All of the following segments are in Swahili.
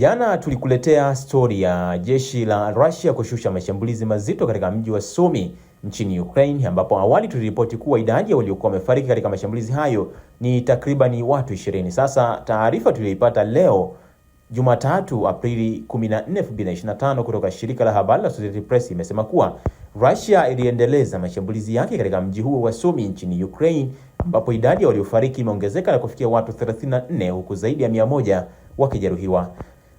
Jana tulikuletea stori ya jeshi la Russia kushusha mashambulizi mazito katika mji wa Sumi nchini Ukraine, ambapo awali tuliripoti kuwa idadi ya waliokuwa wamefariki katika mashambulizi hayo ni takribani watu 20. Sasa taarifa tuliyoipata leo Jumatatu Aprili 14, 2025 kutoka shirika la habari la Associated Press imesema kuwa Russia iliendeleza mashambulizi yake katika mji huo wa Sumi nchini Ukraine, ambapo idadi ya waliofariki imeongezeka na kufikia watu 34 huku zaidi ya 100 wakijeruhiwa.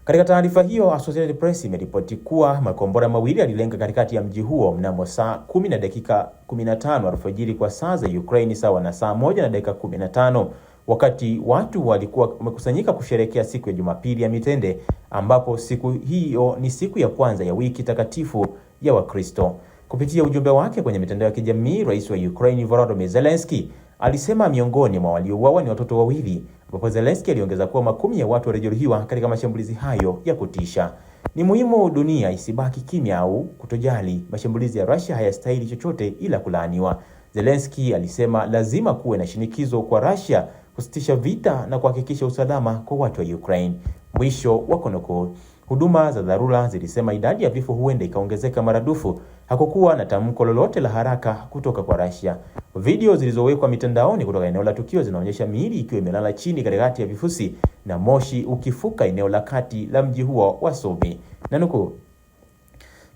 Katika taarifa hiyo, Associated Press imeripoti kuwa makombora mawili yalilenga katikati ya mji huo mnamo saa 10 na dakika 15 alfajiri kwa saa za Ukraine, sawa na saa moja na dakika 15 wakati watu walikuwa wamekusanyika kusherehekea siku ya Jumapili ya Mitende, ambapo siku hiyo ni siku ya kwanza ya wiki takatifu ya Wakristo. Kupitia ujumbe wake kwenye mitandao ya kijamii, Rais wa Ukraine Volodymyr Zelensky alisema miongoni mwa waliouawa ni watoto wawili ambapo Zelensky aliongeza kuwa makumi ya watu walijeruhiwa katika mashambulizi hayo ya kutisha. Ni muhimu dunia isibaki kimya au kutojali. Mashambulizi ya Russia hayastahili chochote ila kulaaniwa. Zelensky alisema lazima kuwe na shinikizo kwa Russia kusitisha vita na kuhakikisha usalama kwa watu wa Ukraine. Mwisho wa kunukuu. Huduma za dharura zilisema idadi ya vifo huenda ikaongezeka maradufu. Hakukuwa na tamko lolote la haraka kutoka kwa Russia. Video zilizowekwa mitandaoni kutoka eneo la tukio zinaonyesha miili ikiwa imelala chini katikati ya vifusi na moshi ukifuka eneo la kati la mji huo wa Sumy. Na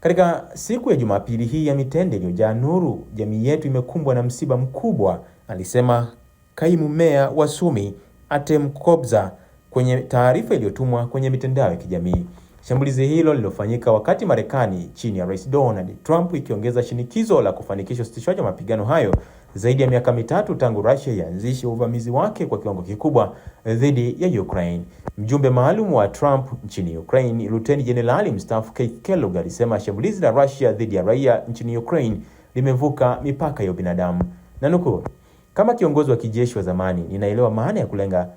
katika siku ya Jumapili hii ya mitende iliyojaa nuru, jamii yetu imekumbwa na msiba mkubwa, alisema kaimu meya wa Sumy Artem Kobza kwenye taarifa iliyotumwa kwenye mitandao ya kijamii. Shambulizi hilo lilofanyika wakati Marekani chini ya Rais Donald Trump ikiongeza shinikizo la kufanikisha usitishwaji wa mapigano hayo zaidi ya miaka mitatu tangu Russia ianzishe uvamizi wake kwa kiwango kikubwa dhidi ya Ukraine. Mjumbe maalum wa Trump nchini Ukraine, Luteni Jenerali mstaafu Keith Kellogg alisema shambulizi la Russia dhidi ya raia nchini Ukraine limevuka mipaka ya ubinadamu. Nanukuu, kama kiongozi wa kijeshi wa zamani, ninaelewa maana ya kulenga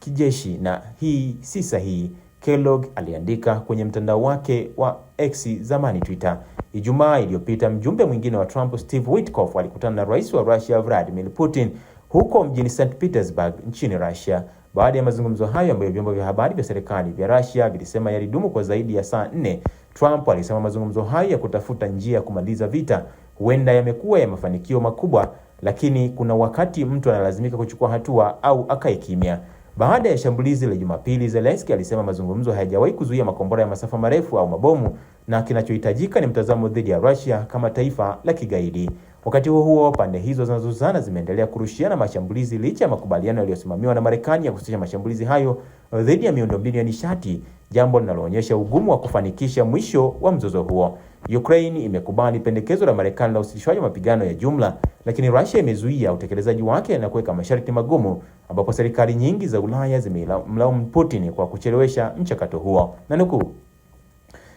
kijeshi na hii si sahihi, Kellogg aliandika kwenye mtandao wake wa X zamani Twitter. Ijumaa iliyopita mjumbe mwingine wa Trump Steve Witkoff alikutana na rais wa Russia Vladimir Putin huko mjini St Petersburg nchini Russia. Baada ya mazungumzo hayo ambayo vyombo vya habari vya serikali vya Russia vilisema yalidumu kwa zaidi ya saa nne, Trump alisema mazungumzo hayo ya kutafuta njia ya kumaliza vita huenda yamekuwa ya mafanikio makubwa, lakini kuna wakati mtu analazimika kuchukua hatua au akae kimya. Baada ya shambulizi la Jumapili, Zelensky alisema mazungumzo hayajawahi kuzuia makombora ya masafa marefu au mabomu na kinachohitajika ni mtazamo dhidi ya Russia kama taifa la kigaidi. Wakati huo huo, pande hizo zinazozana zimeendelea kurushiana mashambulizi licha ya makubaliano yaliyosimamiwa na Marekani ya kusitisha mashambulizi hayo dhidi ya miundombinu ya nishati, jambo linaloonyesha ugumu wa kufanikisha mwisho wa mzozo huo. Ukraine imekubali pendekezo la Marekani la usitishwaji wa mapigano ya jumla, lakini Russia imezuia utekelezaji wake na kuweka masharti magumu, ambapo serikali nyingi za Ulaya zimemlaumu Putin kwa kuchelewesha mchakato huo. Na nukuu,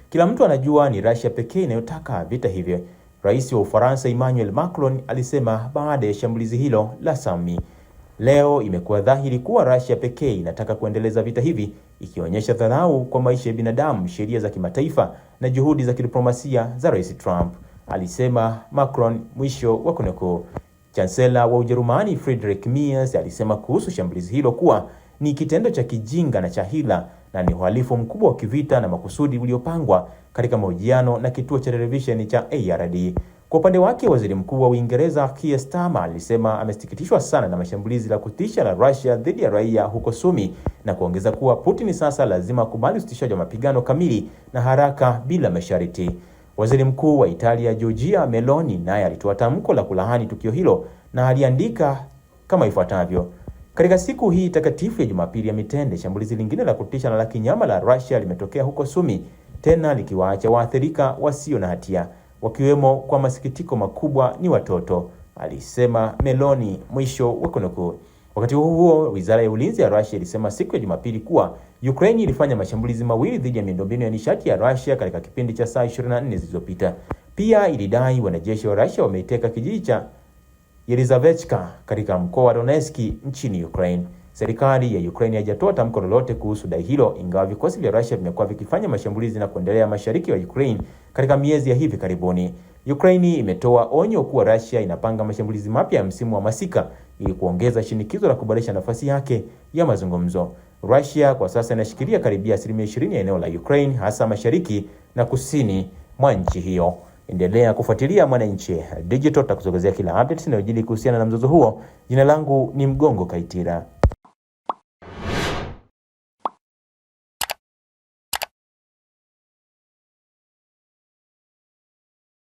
kila mtu anajua ni Russia pekee inayotaka vita hivyo, Rais wa Ufaransa Emmanuel Macron alisema baada ya shambulizi hilo la Sami. Leo imekuwa dhahiri kuwa Russia pekee inataka kuendeleza vita hivi, ikionyesha dharau kwa maisha ya binadamu, sheria za kimataifa na juhudi za kidiplomasia za Rais Trump, alisema Macron, mwisho wa kunukuu. Chansela wa Ujerumani Friedrich Merz alisema kuhusu shambulizi hilo kuwa ni kitendo cha kijinga na cha hila na ni uhalifu mkubwa wa kivita na makusudi uliopangwa, katika mahojiano na kituo cha televisheni cha ARD. Kwa upande wake, Waziri Mkuu wa Uingereza Keir Starmer alisema amesikitishwa sana na mashambulizi la kutisha la Russia dhidi ya raia huko Sumi na kuongeza kuwa Putin sasa lazima akubali usitishaji wa mapigano kamili na haraka bila masharti. Waziri Mkuu wa Italia Giorgia Meloni naye alitoa tamko la kulaani tukio hilo na aliandika kama ifuatavyo: katika siku hii takatifu ya Jumapili ya Mitende, shambulizi lingine la kutisha na la kinyama la Russia limetokea huko Sumi, tena likiwaacha waathirika wasio na hatia wakiwemo kwa masikitiko makubwa ni watoto, alisema Meloni, mwisho wa kunukuu. Wakati huo huo, wizara ya ulinzi ya Russia ilisema siku ya Jumapili kuwa Ukraine ilifanya mashambulizi mawili dhidi ya miundombinu ya nishati ya Russia katika kipindi cha saa 24 zilizopita. Pia ilidai wanajeshi wa Russia wameiteka kijiji cha Yelizavetska katika mkoa wa Donetsk nchini Ukraine. Serikali ya Ukraine haijatoa tamko lolote kuhusu dai hilo, ingawa vikosi vya Russia vimekuwa vikifanya mashambulizi na kuendelea mashariki wa Ukraine katika miezi ya hivi karibuni. Ukraine imetoa onyo kuwa Russia inapanga mashambulizi mapya ya msimu wa masika ili kuongeza shinikizo la kuboresha nafasi yake ya mazungumzo. Russia kwa sasa inashikilia karibia asilimia 20 ya eneo la Ukraine, hasa mashariki na kusini mwa nchi hiyo. Endelea kufuatilia Mwananchi Digital, takusogezea kila updates inayojili kuhusiana na mzozo huo. Jina langu ni Mgongo Kaitira.